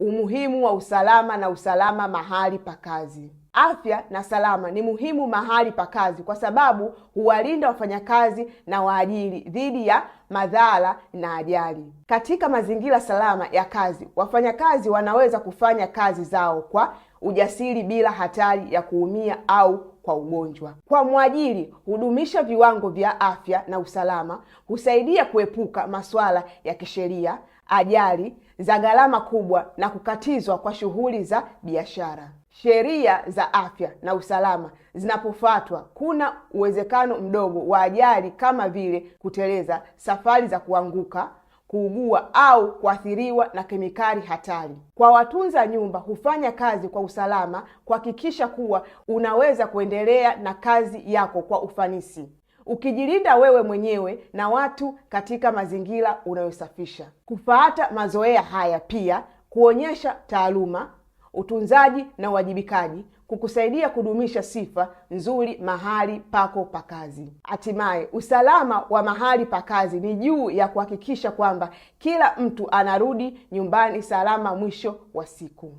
Umuhimu wa usalama na usalama mahali pa kazi. Afya na salama ni muhimu mahali pa kazi kwa sababu huwalinda wafanyakazi na waajiri dhidi ya madhara na ajali. Katika mazingira salama ya kazi, wafanyakazi wanaweza kufanya kazi zao kwa ujasiri bila hatari ya kuumia au kwa ugonjwa. Kwa mwajiri, hudumisha viwango vya afya na usalama, husaidia kuepuka masuala ya kisheria ajali za gharama kubwa na kukatizwa kwa shughuli za biashara. Sheria za afya na usalama zinapofuatwa, kuna uwezekano mdogo wa ajali kama vile kuteleza, safari za kuanguka, kuugua au kuathiriwa na kemikali hatari. Kwa watunza nyumba hufanya kazi kwa usalama kuhakikisha kuwa unaweza kuendelea na kazi yako kwa ufanisi ukijilinda wewe mwenyewe na watu katika mazingira unayosafisha. Kufuata mazoea haya pia kuonyesha taaluma, utunzaji na uwajibikaji kukusaidia kudumisha sifa nzuri mahali pako pa kazi. Hatimaye, usalama wa mahali pa kazi ni juu ya kuhakikisha kwamba kila mtu anarudi nyumbani salama mwisho wa siku.